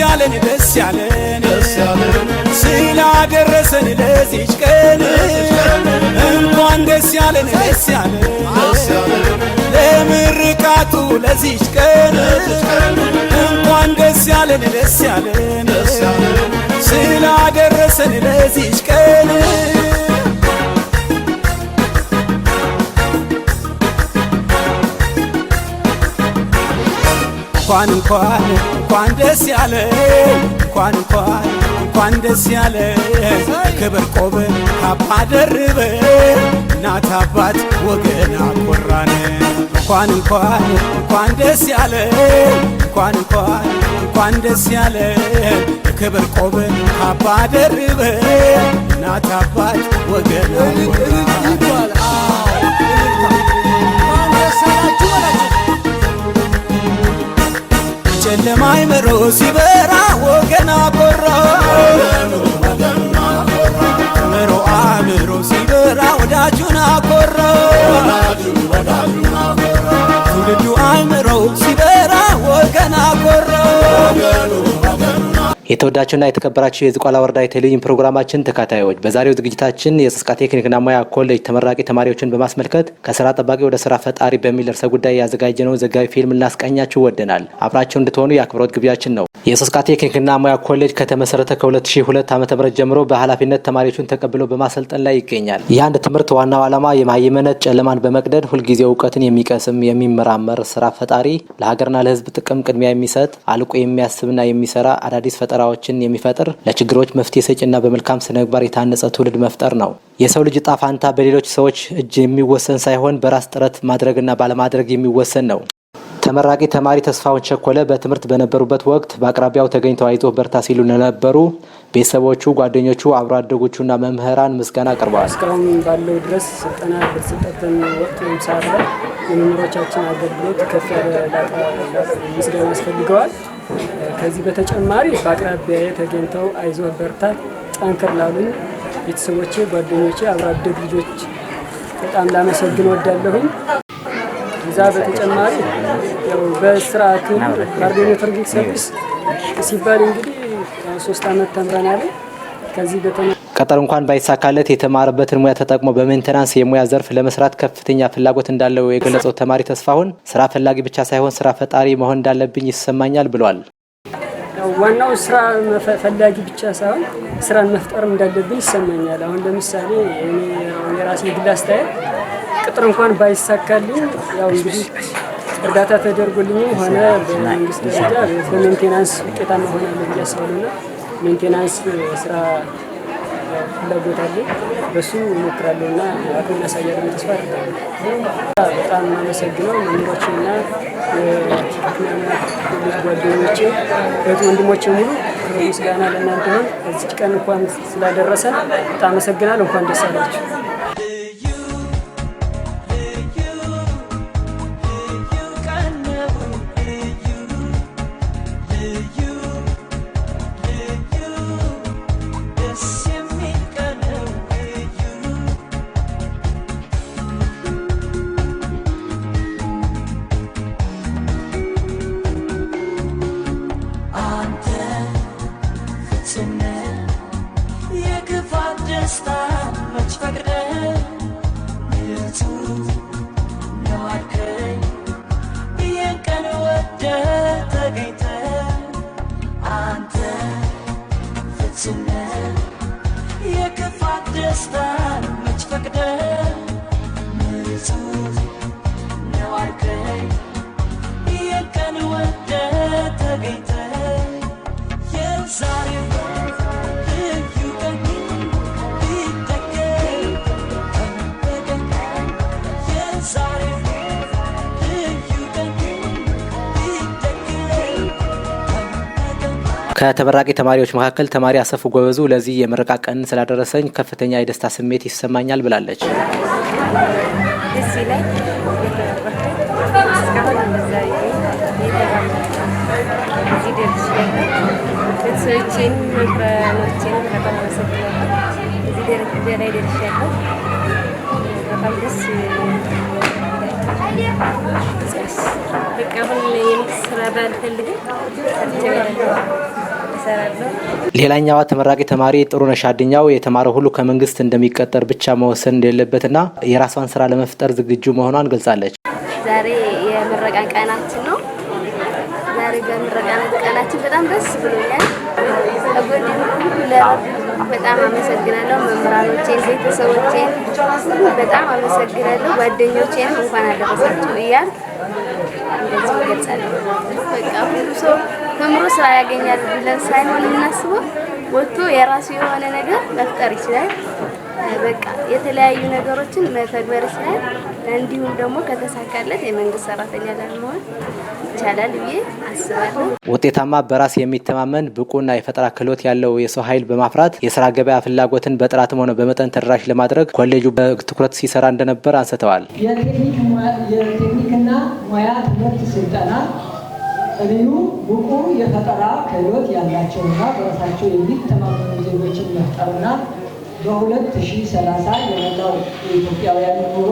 ያለን ደስ ያለን ስላደረሰን ለዚች ቀን እንኳን ደስ ያለን ደስ ያለን ለምርቃቱ ለዚች ቀን እንኳን ደስ ያለን ደስ ያለን ስላደረሰን ለዚች ቀን እንኳን እንኳን እንኳን ደስ ያለ እንኳን እንኳን እንኳን ደስ ያለ ክብር ቆብ ካባ ደርበ እናት አባት ወገን አኮራን እንኳን እንኳን እንኳን ደስ ያለ እንኳን እንኳን እንኳን ደስ ያለ ክብር ቆብ ካባ ደርበ እናት አባት ወገን አኮራን ጨለማ አይምሮ ሲበራ ወገን የተወዳችሁና የተከበራችሁ የዝቋላ ወረዳ የቴሌቪዥን ፕሮግራማችን ተካታዮች በዛሬው ዝግጅታችን የጽስቃ ቴክኒክና ሙያ ኮሌጅ ተመራቂ ተማሪዎችን በማስመልከት ከስራ ጠባቂ ወደ ስራ ፈጣሪ በሚል ርዕሰ ጉዳይ ያዘጋጀነውን ዘጋቢ ፊልም እናስቃኛችሁ ወደናል። አብራችሁ እንድትሆኑ የአክብሮት ግብዣችን ነው። የጽስቃ ቴክኒክና ሙያ ኮሌጅ ከተመሰረተ ከ2002 ም ጀምሮ በኃላፊነት ተማሪዎችን ተቀብሎ በማሰልጠን ላይ ይገኛል። ይህ አንድ ትምህርት ዋናው ዓላማ የማይመነት ጨለማን በመቅደድ ሁልጊዜ እውቀትን የሚቀስም የሚመራመር ስራ ፈጣሪ፣ ለሀገርና ለህዝብ ጥቅም ቅድሚያ የሚሰጥ አልቆ የሚያስብና የሚሰራ አዳዲስ ፈጠራ ስራዎችን የሚፈጥር ለችግሮች መፍትሄ ሰጭና በመልካም ስነምግባር የታነጸ ትውልድ መፍጠር ነው። የሰው ልጅ እጣ ፋንታ በሌሎች ሰዎች እጅ የሚወሰን ሳይሆን በራስ ጥረት ማድረግና ባለማድረግ የሚወሰን ነው። ተመራቂ ተማሪ ተስፋውን ቸኮለ በትምህርት በነበሩበት ወቅት በአቅራቢያው ተገኝተው አይዞህ በርታ ሲሉ ለነበሩ ቤተሰቦቹ፣ ጓደኞቹ፣ አብሮ አደጎቹና መምህራን ምስጋና አቅርበዋል። እስካሁን ባለው ድረስ ስልጠና በተሰጠተን ወቅት ወይም ሰዓት ላይ የመምህሮቻችን አገልግሎት ከፍ ያለ ምስጋና ያስፈልገዋል። ከዚህ በተጨማሪ በአቅራቢያ ተገኝተው አይዞ በርታ፣ ጠንክር ላሉኝ ቤተሰቦቼ፣ ጓደኞቼ፣ አብሮ አደግ ልጆች በጣም ላመሰግን ወዳለሁኝ። እዛ በተጨማሪ በስርዓት ካርዲዮሜትሪክ ሰርቪስ ሲባል እንግዲህ ሶስት አመት ተምረናል። ከዚህ በተነ ቀጠር እንኳን ባይሳካለት የተማረበትን ሙያ ተጠቅሞ በሜንቴናንስ የሙያ ዘርፍ ለመስራት ከፍተኛ ፍላጎት እንዳለው የገለጸው ተማሪ ተስፋሁን ስራ ፈላጊ ብቻ ሳይሆን ስራ ፈጣሪ መሆን እንዳለብኝ ይሰማኛል ብሏል። ዋናው ስራ ፈላጊ ብቻ ሳይሆን ስራን መፍጠርም እንዳለብን ይሰማኛል። አሁን ለምሳሌ የራሴ ግል አስተያየት ቅጥር እንኳን ባይሳካልኝ ያው እንግዲህ እርዳታ ተደርጎልኝም ሆነ በመንግስት ደረጃ በሜንቴናንስ ውጤታማ ሆናለሁ ብዬ አስባለሁ እና ሜንቴናንስ ስራ ፍላጎት አለ። በሱ እሞክራለሁ እና አቅም እናሳያለን ተስፋ አድርጋለሁ። በጣም የማመሰግነው መምህሮችና ጓደኞቼ እህት ወንድሞቼ ሙሉ ምስጋና ለእናንተ ሆን እዚህ ቀን እንኳን ስላደረሰን በጣም አመሰግናለሁ። እንኳን ደስ አላችሁ። ከተመራቂ ተማሪዎች መካከል ተማሪ አሰፉ ጎበዙ ለዚህ የምረቃ ቀን ስላደረሰኝ ከፍተኛ የደስታ ስሜት ይሰማኛል ብላለች። ስራ ባልፈልግም ሌላኛዋ ተመራቂ ተማሪ ጥሩነሽ አድኛው የተማረው ሁሉ ከመንግስት እንደሚቀጠር ብቻ መወሰን እንደሌለበትና የራሷን ስራ ለመፍጠር ዝግጁ መሆኗን ገልጻለች። ዛሬ የምረቃ ቀናችን ነው። ዛሬ በምረቃ ቀናችን በጣም ደስ ብሎኛል። በጣም አመሰግናለሁ መምህራኖቼን፣ ቤተሰቦቼን በጣም አመሰግናለሁ። ጓደኞቼንም እንኳን አደረሳችሁ እያል እንደዚህ ገልጻለሁ። በቃ ሁሉ ሰው ተምሮ ስራ ያገኛል ብለን ሳይሆን የምናስበው ወጥቶ የራሱ የሆነ ነገር መፍጠር ይችላል። በቃ የተለያዩ ነገሮችን መተግበር ይችላል። እንዲሁም ደግሞ ከተሳካለት የመንግስት ሰራተኛ ለመሆን ይቻላል ብዬ አስባለሁ። ውጤታማ፣ በራስ የሚተማመን ብቁና የፈጠራ ክህሎት ያለው የሰው ኃይል በማፍራት የስራ ገበያ ፍላጎትን በጥራትም ሆነ በመጠን ተደራሽ ለማድረግ ኮሌጁ በትኩረት ሲሰራ እንደነበር አንስተዋል። የቴክኒክና ሙያ ትምህርት ስልጠና እኔኑ ብቁ የፈጠራ ክህሎት ያላቸውና በራሳቸው የሚተማመኑ ዜጎችን መፍጠርና በሁለት ሺህ ሰላሳ የመላው የኢትዮጵያውያን ኑሮ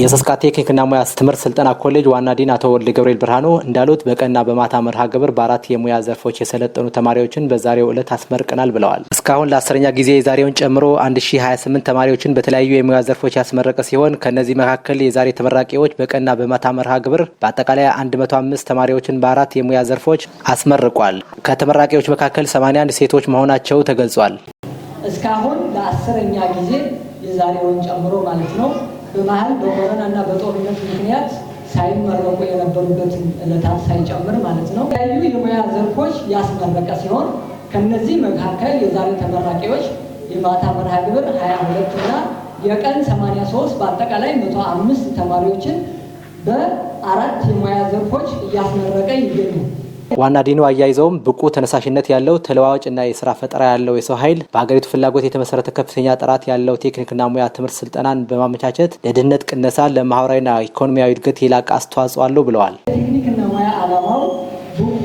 የሰስካቴ ቴክኒክና ሙያ ትምህርት ስልጠና ኮሌጅ ዋና ዲን አቶ ወልደ ገብርኤል ብርሃኑ እንዳሉት በቀንና በማታ መርሃ ግብር በአራት የሙያ ዘርፎች የሰለጠኑ ተማሪዎችን በዛሬው ዕለት አስመርቀናል ብለዋል። እስካሁን ለአስረኛ ጊዜ የዛሬውን ጨምሮ 1028 ተማሪዎችን በተለያዩ የሙያ ዘርፎች ያስመረቀ ሲሆን ከእነዚህ መካከል የዛሬ ተመራቂዎች በቀንና በማታ መርሃ ግብር በአጠቃላይ 105 ተማሪዎችን በአራት የሙያ ዘርፎች አስመርቋል። ከተመራቂዎች መካከል 81 ሴቶች መሆናቸው ተገልጿል። እስካሁን ለአስረኛ ጊዜ የዛሬውን ጨምሮ ማለት ነው በመሀል በኮሮና እና በጦርነት ምክንያት ሳይመረቁ የነበሩበትን እለታት ሳይጨምር ማለት ነው የተለያዩ የሙያ ዘርፎች ያስመረቀ ሲሆን ከነዚህ መካከል የዛሬ ተመራቂዎች የማታ መርሃ ግብር 22 እና የቀን 83 በአጠቃላይ 105 ተማሪዎችን በአራት የሙያ ዘርፎች እያስመረቀ ይገኛል። ዋና ዲኑ አያይዘውም ብቁ ተነሳሽነት ያለው ተለዋዋጭ እና የስራ ፈጠራ ያለው የሰው ኃይል በሀገሪቱ ፍላጎት የተመሰረተ ከፍተኛ ጥራት ያለው ቴክኒክና ሙያ ትምህርት ስልጠናን በማመቻቸት ለድህነት ቅነሳ፣ ለማህበራዊና ኢኮኖሚያዊ እድገት የላቀ አስተዋጽኦ አለው ብለዋል። ቴክኒክና ሙያ አላማው ብቁ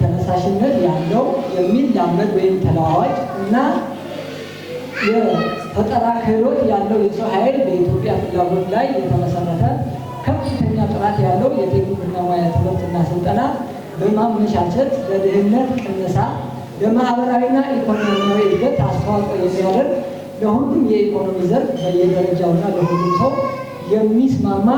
ተነሳሽነት ያለው የሚላመድ ወይም ተለዋዋጭ እና የፈጠራ ክህሎት ያለው የሰው ኃይል በኢትዮጵያ ፍላጎት ላይ የተመሰረተ ከፍተኛ ጥራት ያለው የቴክኒክና ሙያ ትምህርትና ስልጠና በማመቻቸት ለድህነት ቅነሳ ለማህበራዊና ኢኮኖሚያዊ እድገት አስተዋጽኦ የሚያደርግ ለሁሉም የኢኮኖሚ ዘርፍ በየደረጃውና ለሁሉም ሰው የሚስማማ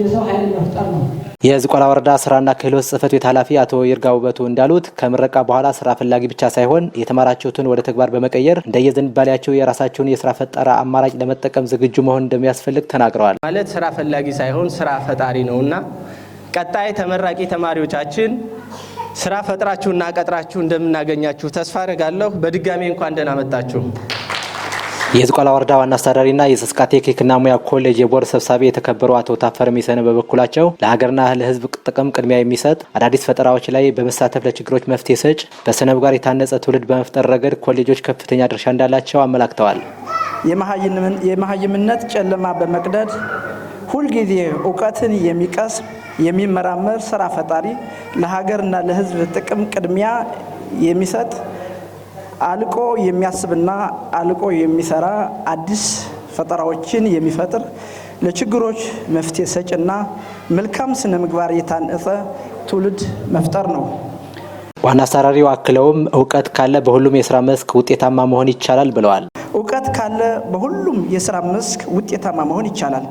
የሰው ኃይል መፍጠር ነው። የዝቆላ ወረዳ ስራና ክህሎት ጽህፈት ቤት ኃላፊ አቶ ይርጋ ውበቱ እንዳሉት ከምረቃ በኋላ ስራ ፈላጊ ብቻ ሳይሆን የተማራችሁትን ወደ ተግባር በመቀየር እንደየዝንባሌያቸው የራሳቸውን የስራ ፈጠራ አማራጭ ለመጠቀም ዝግጁ መሆን እንደሚያስፈልግ ተናግረዋል። ማለት ስራ ፈላጊ ሳይሆን ስራ ፈጣሪ ነውና ቀጣይ ተመራቂ ተማሪዎቻችን ስራ ፈጥራችሁና ቀጥራችሁ እንደምናገኛችሁ ተስፋ አደርጋለሁ። በድጋሚ እንኳን ደህና መጣችሁ። የዝቋላ ወረዳ ዋና አስተዳዳሪና የሰስቃ ቴክኒክና ሙያ ኮሌጅ የቦርድ ሰብሳቢ የተከበሩ አቶ ታፈር ሚሰነ በበኩላቸው ለሀገርና ለሕዝብ ጥቅም ቅድሚያ የሚሰጥ አዳዲስ ፈጠራዎች ላይ በመሳተፍ ለችግሮች መፍትሄ ሰጭ በስነ ምግባር የታነጸ ትውልድ በመፍጠር ረገድ ኮሌጆች ከፍተኛ ድርሻ እንዳላቸው አመላክተዋል። የመሀይምነት ጨለማ በመቅደድ ሁልጊዜ እውቀትን የሚቀስም የሚመራመር ስራ ፈጣሪ፣ ለሀገርና ለህዝብ ጥቅም ቅድሚያ የሚሰጥ አልቆ የሚያስብና አልቆ የሚሰራ አዲስ ፈጠራዎችን የሚፈጥር ለችግሮች መፍትሄ ሰጭና መልካም ስነ ምግባር የታነጸ ትውልድ መፍጠር ነው። ዋና አሰራሪው አክለውም እውቀት ካለ በሁሉም የስራ መስክ ውጤታማ መሆን ይቻላል ብለዋል። እውቀት ካለ በሁሉም የስራ መስክ ውጤታማ መሆን ይቻላል።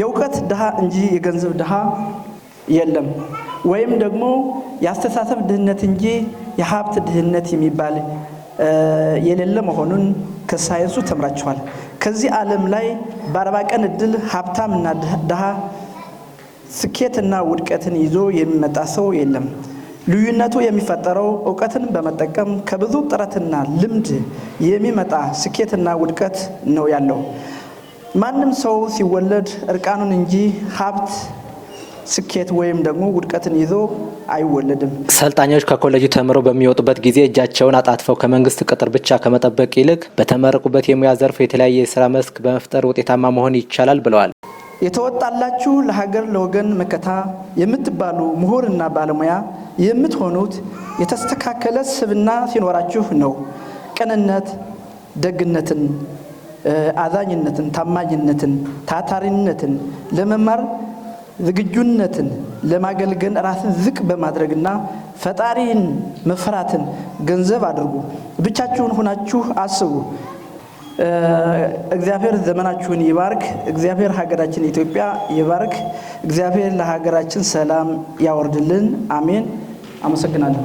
የእውቀት ድሃ እንጂ የገንዘብ ድሃ የለም። ወይም ደግሞ የአስተሳሰብ ድህነት እንጂ የሀብት ድህነት የሚባል የሌለ መሆኑን ከሳይንሱ ተምራችኋል። ከዚህ ዓለም ላይ በአርባ ቀን እድል ሀብታም እና ድሃ ስኬትና ውድቀትን ይዞ የሚመጣ ሰው የለም። ልዩነቱ የሚፈጠረው እውቀትን በመጠቀም ከብዙ ጥረትና ልምድ የሚመጣ ስኬትና ውድቀት ነው ያለው። ማንም ሰው ሲወለድ እርቃኑን እንጂ ሀብት ስኬት ወይም ደግሞ ውድቀትን ይዞ አይወለድም። ሰልጣኞች ከኮሌጁ ተምረው በሚወጡበት ጊዜ እጃቸውን አጣጥፈው ከመንግስት ቅጥር ብቻ ከመጠበቅ ይልቅ በተመረቁበት የሙያ ዘርፍ የተለያየ የስራ መስክ በመፍጠር ውጤታማ መሆን ይቻላል ብለዋል። የተወጣላችሁ ለሀገር ለወገን መከታ የምትባሉ ምሁርና ባለሙያ የምትሆኑት የተስተካከለ ስብና ሲኖራችሁ ነው። ቅንነት፣ ደግነትን፣ አዛኝነትን፣ ታማኝነትን፣ ታታሪነትን ለመማር ዝግጁነትን ለማገልገል ራስን ዝቅ በማድረግና ፈጣሪን መፍራትን ገንዘብ አድርጉ። ብቻችሁን ሆናችሁ አስቡ። እግዚአብሔር ዘመናችሁን ይባርክ። እግዚአብሔር ሀገራችን ኢትዮጵያ ይባርክ። እግዚአብሔር ለሀገራችን ሰላም ያወርድልን። አሜን። አመሰግናለሁ።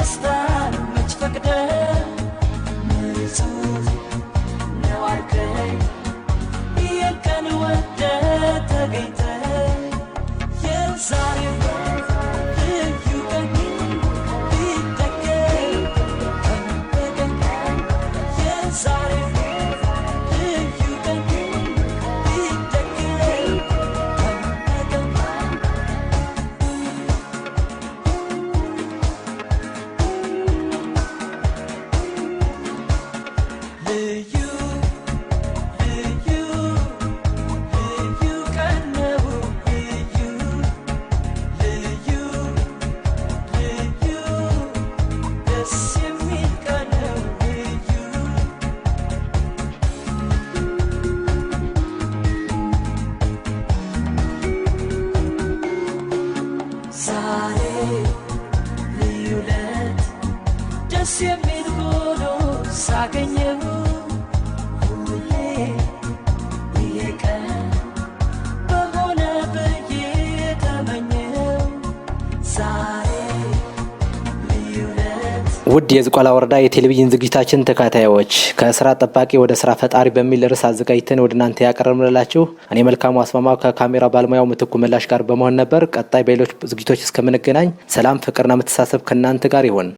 whisper ውድ የዝቋላ ወረዳ የቴሌቪዥን ዝግጅታችን ተካታዮች ከስራ ጠባቂ ወደ ስራ ፈጣሪ በሚል ርዕስ አዘጋጅተን ወደ እናንተ ያቀረብንላችሁ እኔ መልካሙ አስማማ ከካሜራ ባለሙያው ምትኩ ምላሽ ጋር በመሆን ነበር። ቀጣይ በሌሎች ዝግጅቶች እስከምንገናኝ ሰላም፣ ፍቅርና መተሳሰብ ከእናንተ ጋር ይሁን።